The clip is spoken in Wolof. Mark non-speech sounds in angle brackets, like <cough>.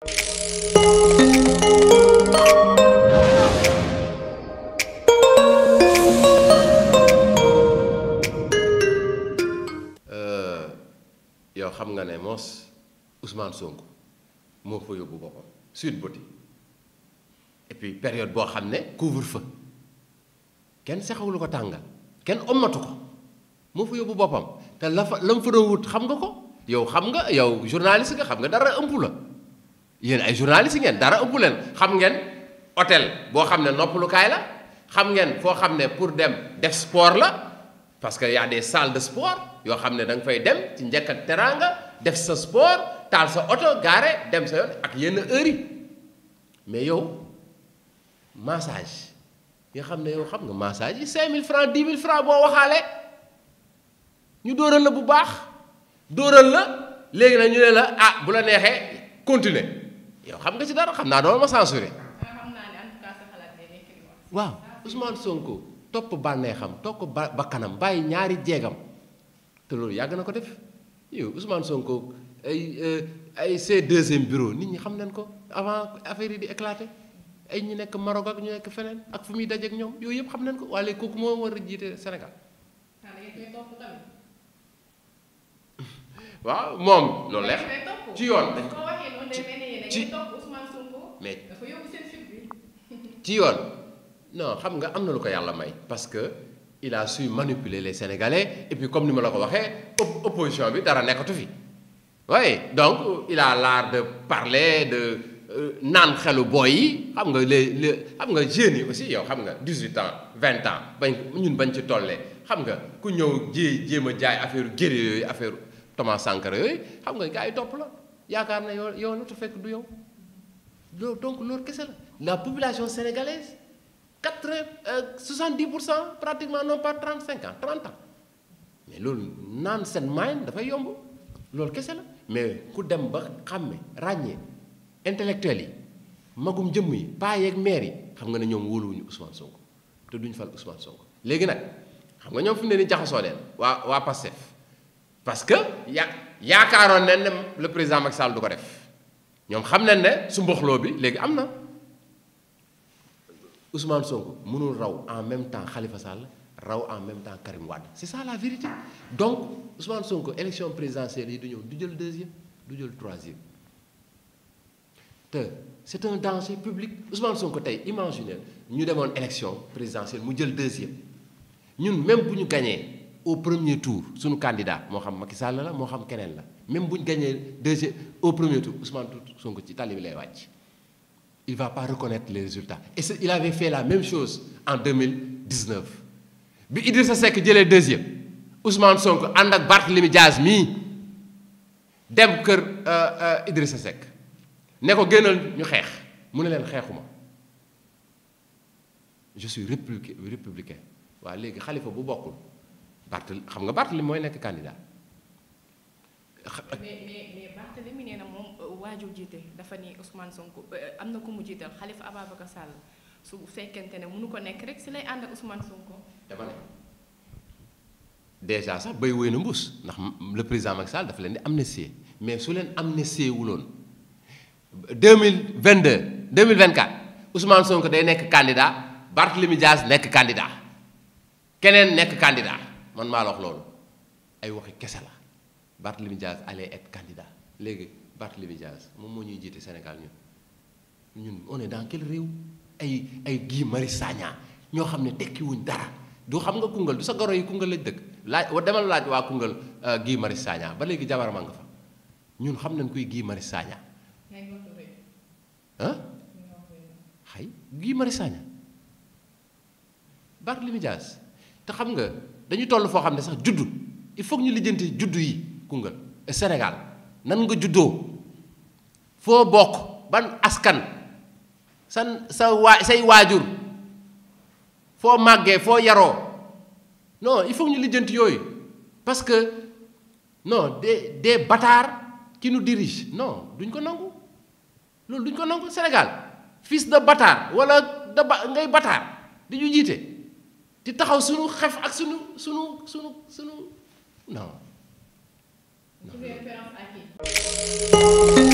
Euh, yow xam nga ne moos Ousmane Sonko moo fa yóbbu boppam Sweet Beauty et puis période boo xam ne couvre fa kenn sexawlu ko tàngal kenn omatu ko moo fa yóbbu boppam te la fa la mu fa doon xam nga ko yow xam nga yow journaliste nga xam nga dara ëmp la yéen ay journaliste ngeen dara ëpp leen xam ngeen hôtel boo xam ne noppalukaay la xam ngeen foo xam ne pour dem def sport la parce que y a des salles de sport yoo xam ne da nga fay dem ci njëkk ak teraanga def sa sport taal sa oto gaare dem sa yoon ak yenn heures mais yow massage nga xam ne yow xam nga massage yi mille francs 10 mille francs boo waxaale ñu dóoral la bu baax dóoral la léegi nag ne la ah bu la neexee continuer xam nga ci dara xam naa doo ma censuré. waaw Ousmane Sonko topp bànneexam topp ba bakkanam bàyyi ñaari jeegam te loolu yàgg na ko def yow Ousmane Sonko ay euh, ay ses deuxième bureau nit ñi xam nañ ko avant affaire yi di éclater ay ñu nekk Maroc ak ñu nekk feneen ak fu muy dajeek ñoom yooyu yëpp xam nañ ko waaye kooku moo war a jiite Sénégal. Ah, <laughs> waaw moom loolu leex ci yoon ci mais <laughs> ci yoon non xam nga am na lu ko yàlla may parce que il a su manipuler les sénégalais et puis comme ni ma la ko waxee opposition bi dara nekkatu fi waaye donc il a l'art de parler de euh, naan xelu booy yi xam nga les le xam nga jeunes yi aussi yow xam nga 18 ans 20 ans bañ ñun bañ ci tollee xam nga ku ñëw jé jéem a jaay affaire guéré yooyu affaire Thomas Sankara yooyu xam nga gars yi topp la. yaakaar na yow yow na te fekk du yow loolu donc loolu kese la la population sénégalaise quatre euh, soixante dix pour cent pratiquement n'ont par trente cinq ans trente ans mais loolu naan seen moyen dafay yomb loolu kese la mais ku dem ba xàmme ràññee intellectuels yi magum jëm yi paa yeeg maire yi xam nga ne ñoom wóoluwuñu Ousmane Sonko te duñ fal Ousmane Sonko léegi nag xam nga ñoom fi mu ne nii jaxasoo leen waa waa Pastef parce que ya yaakaaroon nañ ne le président Macky Sall du ko def ñoom xam na ne su mboxloo bi léegi am na Ousmane Sonko mënul raw en même temps Khalifa Sall raw en même temps Karim Wade c'est ça la vérité donc Ousmane Sonko élection présidentielle yi du ñëw du jël deuxième du jël troisième te c'est un danger public Ousmane ko tey imaginez ñu demoon élection présidentielle mu jël deuxième ñun même bu ñu gañee au premier tour suñu candidat moo xam Macky Sall la moo xam keneen la même bu gañee gagné deuxième au premier tour Ousmane Sonko ci tali lay wàcc il va pas reconnaître les résultats et il avait fait la même chose en deux mille 2019 bi Idrissa Seck jëlee deuxième Ousmane Sonko ànd ak Barthélemy Diaz mii dem kër euh, euh, Idrissa Seck ne ko génnal ñu xeex mu ne leen xeexuma je suis républicain waaw léegi xalifa bu bokkul Barthélemy xam nga Barthélemy mooy nekk candidat. mais mais Barthélemy nee na moom euh, waaju jiite dafa ni Ousmane Sonko euh, euh, am na ku mu jiital Khalifa Ababacar Sall su fekkente ne mënu ko nekk rek si lay ànd ak Ousmane Sonko. Eh dama ne sax bay wéy na mbuus ndax le président Macky Sall dafa leen di amnistier mais su leen amnistier wuloon deux mille vingt deux deux mille vingt quatre Ousmane Sonko day nekk candidat Barthélemy Dias nekk candidat keneen nekk kandidaa man maa la wax loolu ay waxi kese la bart Barthélemy Diaz allait être candidat léegi Barthélemy Diaz moom moo ñuy jiite senegal ñun ñun on est réew ay ay Guy Marius Sagna ñoo xam ne tekki wuñ dara du xam nga Koungheul du sa goro yi Koungheul lañ dëkk laaj demal laaj waa Koungheul euh, Guy Marius Sagna ba léegi jabar ma nga fa ñun xam nañ kuy gii mari saaña ah xay Guy Marius Sagna Barthélemy Diaz te xam nga dañu toll foo xam ne sax juddu il faut ñu lijjanti juddu yi Koungheul Sénégal nan nga juddoo foo bokk ban askan san sa waa say waajur foo màggee foo yaroo no i faut ñu lijjanti yooyu parce que non des des bâtards qui nous dirigent duñ ko nangu loolu duñ ko nangu Sénégal fis de bâtard walla da ba ngay bâtard di ñu jiite. di taxaw suñu xef ak suñu suñu suñu suñu non non